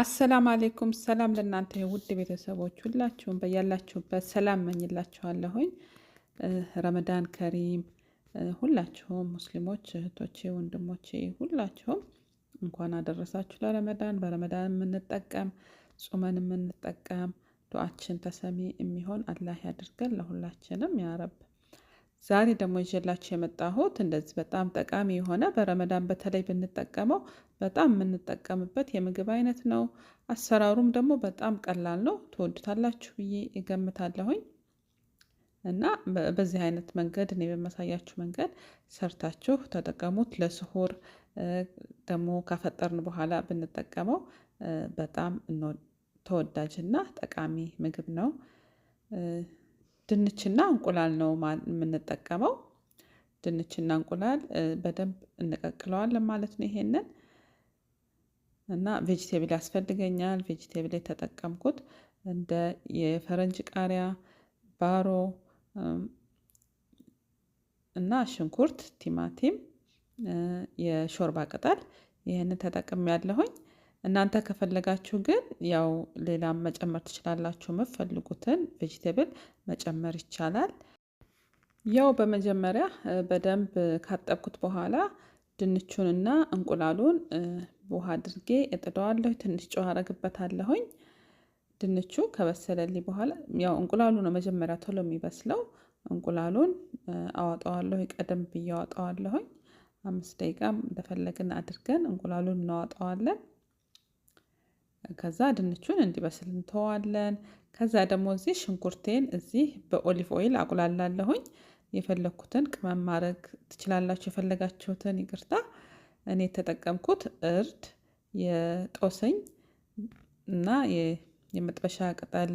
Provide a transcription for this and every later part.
አሰላም አሌይኩም ሰላም ለእናንተ የውድ ቤተሰቦች ሁላችሁም በያላችሁበት ሰላም መኝላችኋለሁኝ። ረመዳን ከሪም ሁላችሁም ሙስሊሞች እህቶቼ፣ ወንድሞቼ ሁላችሁም እንኳን አደረሳችሁ ለረመዳን። በረመዳን የምንጠቀም ጾመን የምንጠቀም ዱአችን ተሰሚ የሚሆን አላህ ያድርገን ለሁላችንም ያረብ ዛሬ ደግሞ ይዤላችሁ የመጣሁት እንደዚህ በጣም ጠቃሚ የሆነ በረመዳን በተለይ ብንጠቀመው በጣም የምንጠቀምበት የምግብ አይነት ነው። አሰራሩም ደግሞ በጣም ቀላል ነው። ትወዱታላችሁ ብዬ እገምታለሁኝ እና በዚህ አይነት መንገድ እኔ በማሳያችሁ መንገድ ሰርታችሁ ተጠቀሙት። ለስሁር ደግሞ ካፈጠርን በኋላ ብንጠቀመው በጣም ተወዳጅና ጠቃሚ ምግብ ነው። ድንችና እንቁላል ነው የምንጠቀመው። ድንችና እንቁላል በደንብ እንቀቅለዋለን ማለት ነው። ይሄንን እና ቬጅቴብል ያስፈልገኛል። ቬጅቴብል የተጠቀምኩት እንደ የፈረንጅ ቃሪያ፣ ባሮ እና ሽንኩርት፣ ቲማቲም፣ የሾርባ ቅጠል ይህንን ተጠቅም ያለሁኝ እናንተ ከፈለጋችሁ ግን ያው ሌላም መጨመር ትችላላችሁ። የምትፈልጉትን ቬጅቴብል መጨመር ይቻላል። ያው በመጀመሪያ በደንብ ካጠብኩት በኋላ ድንቹንና እንቁላሉን ውሃ አድርጌ እጥደዋለሁ። ትንሽ ጨው አረግበታለሁኝ። ድንቹ ከበሰለልኝ በኋላ ያው እንቁላሉ ነው መጀመሪያ ቶሎ የሚበስለው። እንቁላሉን አዋጠዋለሁ፣ ቀደም ብዬ አዋጠዋለሁኝ። አምስት ደቂቃ እንደፈለግን አድርገን እንቁላሉን እናዋጠዋለን። ከዛ ድንቹን እንዲበስል እንተዋለን። ከዛ ደግሞ እዚህ ሽንኩርቴን እዚህ በኦሊቭ ኦይል አቁላላለሁኝ። የፈለግኩትን ቅመም ማድረግ ትችላላችሁ፣ የፈለጋችሁትን ይቅርታ። እኔ የተጠቀምኩት እርድ፣ የጦስኝ እና የመጥበሻ ቅጠል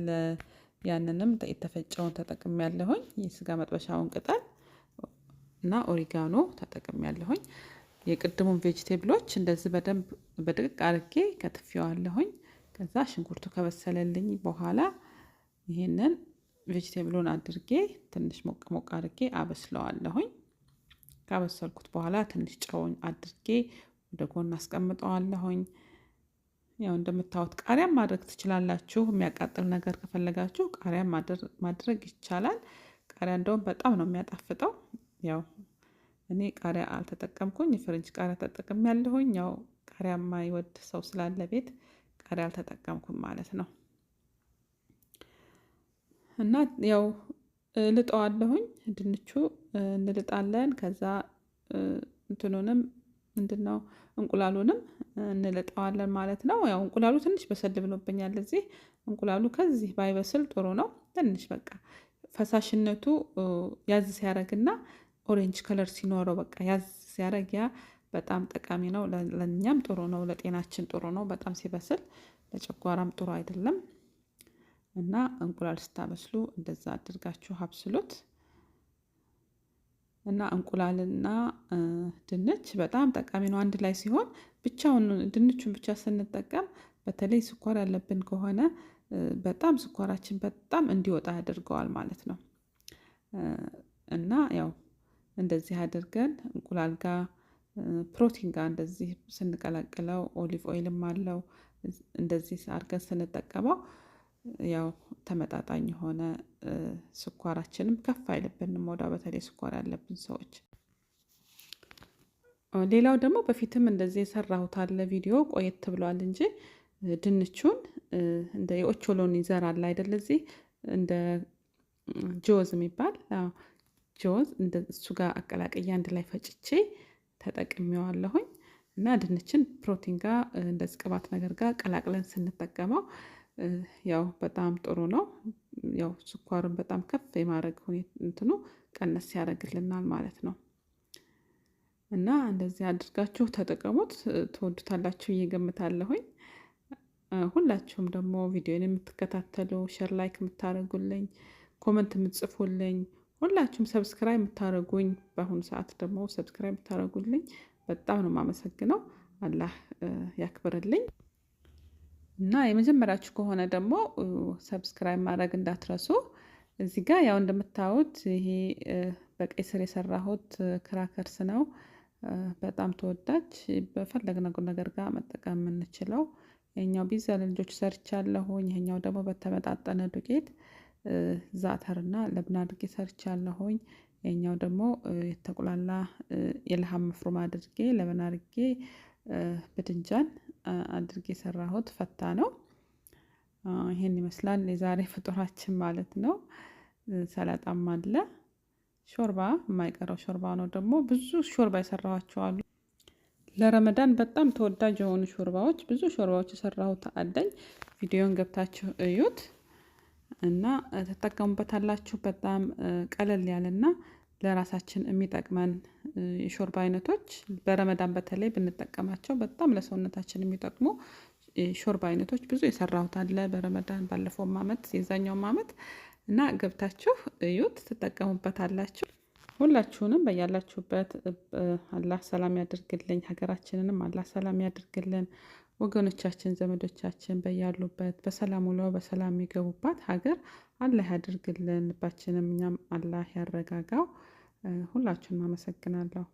ያንንም የተፈጨውን ተጠቅሜ ያለሁኝ የስጋ መጥበሻውን ቅጠል እና ኦሪጋኖ ተጠቅሜ ያለሁኝ። የቅድሙን ቬጅቴብሎች እንደዚህ በደንብ በድቅቅ አርጌ ከትፌዋለሁኝ። ከዛ ሽንኩርቱ ከበሰለልኝ በኋላ ይሄንን ቬጅቴብሉን አድርጌ ትንሽ ሞቅ ሞቅ አድርጌ አበስለዋለሁኝ። ካበሰልኩት በኋላ ትንሽ ጨውን አድርጌ ወደ ጎን አስቀምጠዋለሁኝ። ያው እንደምታዩት ቃሪያም ማድረግ ትችላላችሁ። የሚያቃጥል ነገር ከፈለጋችሁ ቃሪያ ማድረግ ይቻላል። ቃሪያ እንደውም በጣም ነው የሚያጣፍጠው። ያው እኔ ቃሪያ አልተጠቀምኩኝ፣ የፈረንጅ ቃሪያ ያለሁኝ። ያው ቃሪያ የማይወድ ሰው ስላለ ቤት ፈቃድ አልተጠቀምኩም ማለት ነው። እና ያው ልጠዋለሁኝ ድንቹ እንልጣለን። ከዛ እንትኑንም ነው እንቁላሉንም እንልጠዋለን ማለት ነው። ያው እንቁላሉ ትንሽ በሰል ብሎብኛል። እዚህ እንቁላሉ ከዚህ ባይበስል ጥሩ ነው። ትንሽ በቃ ፈሳሽነቱ ያዝ ሲያደርግና ኦሬንጅ ከለር ሲኖረው በቃ ያዝ ሲያደርግ ያ በጣም ጠቃሚ ነው። ለእኛም ጥሩ ነው፣ ለጤናችን ጥሩ ነው። በጣም ሲበስል ለጨጓራም ጥሩ አይደለም እና እንቁላል ስታበስሉ እንደዛ አድርጋችሁ አብስሉት እና እንቁላልና ድንች በጣም ጠቃሚ ነው። አንድ ላይ ሲሆን ብቻውን ድንቹን ብቻ ስንጠቀም በተለይ ስኳር ያለብን ከሆነ በጣም ስኳራችን በጣም እንዲወጣ ያደርገዋል ማለት ነው እና ያው እንደዚህ አድርገን እንቁላል ጋር ፕሮቲን ጋር እንደዚህ ስንቀላቅለው ኦሊቭ ኦይልም አለው እንደዚህ አድርገን ስንጠቀመው ያው ተመጣጣኝ የሆነ ስኳራችንም ከፍ አይልብንም። ወዳ በተለይ ስኳር ያለብን ሰዎች ሌላው ደግሞ በፊትም እንደዚህ የሰራሁት አለ ቪዲዮ ቆየት ብሏል እንጂ ድንቹን እንደ የኦቾሎኒ ዘር አለ አይደል? እዚህ እንደ ጆዝ የሚባል ጆዝ እሱ ጋር አቀላቅያ አንድ ላይ ፈጭቼ ተጠቅሜዋለሁኝ እና ድንችን ፕሮቲን ጋር እንደዚህ ቅባት ነገር ጋር ቀላቅለን ስንጠቀመው ያው በጣም ጥሩ ነው። ያው ስኳርን በጣም ከፍ የማድረግ እንትኑ ቀነስ ያደርግልናል ማለት ነው። እና እንደዚህ አድርጋችሁ ተጠቀሙት። ትወዱታላችሁ እየገምታለሁኝ። ሁላችሁም ደግሞ ቪዲዮን የምትከታተሉ ሸር ላይክ የምታደርጉልኝ፣ ኮመንት የምትጽፉልኝ ሁላችሁም ሰብስክራይብ የምታደረጉኝ በአሁኑ ሰዓት ደግሞ ሰብስክራይብ የምታደረጉልኝ በጣም ነው የማመሰግነው። አላህ ያክብርልኝ እና የመጀመሪያችሁ ከሆነ ደግሞ ሰብስክራይብ ማድረግ እንዳትረሱ። እዚህ ጋር ያው እንደምታዩት ይሄ በቀይ ስር የሰራሁት ክራከርስ ነው። በጣም ተወዳጅ በፈለግነው ነገር ጋር መጠቀም የምንችለው ይሄኛው ቢዛ ለልጆች ሰርቻለሁኝ። ይሄኛው ደግሞ በተመጣጠነ ዱቄት ዛተርና ለብና አድርጌ ሰርቻለሁኝ። ይሄኛው ደግሞ የተቁላላ የልሃ መፍሮም አድርጌ ለብና አድርጌ ብድንጃን አድርጌ የሰራሁት ፈታ ነው። ይሄን ይመስላል የዛሬ ፍጡራችን ማለት ነው። ሰላጣም አለ ሾርባ የማይቀረው ሾርባ ነው። ደግሞ ብዙ ሾርባ የሰራኋቸዋሉ ለረመዳን በጣም ተወዳጅ የሆኑ ሾርባዎች ብዙ ሾርባዎች የሰራሁት አለኝ። ቪዲዮን ገብታችሁ እዩት። እና ትጠቀሙበታላችሁ። በጣም ቀለል ያለና ለራሳችን የሚጠቅመን የሾርባ አይነቶች በረመዳን በተለይ ብንጠቀማቸው በጣም ለሰውነታችን የሚጠቅሙ የሾርባ አይነቶች ብዙ የሰራሁት አለ በረመዳን ባለፈውም አመት የዛኛውም አመት እና ገብታችሁ እዩት፣ ትጠቀሙበታላችሁ። ሁላችሁንም በያላችሁበት አላህ ሰላም ያድርግልኝ። ሀገራችንንም አላህ ሰላም ያድርግልን። ወገኖቻችን ዘመዶቻችን በያሉበት በሰላም ውለው በሰላም የሚገቡባት ሀገር አላህ ያድርግልን። ልባችንም እኛም አላህ ያረጋጋው። ሁላችሁም አመሰግናለሁ።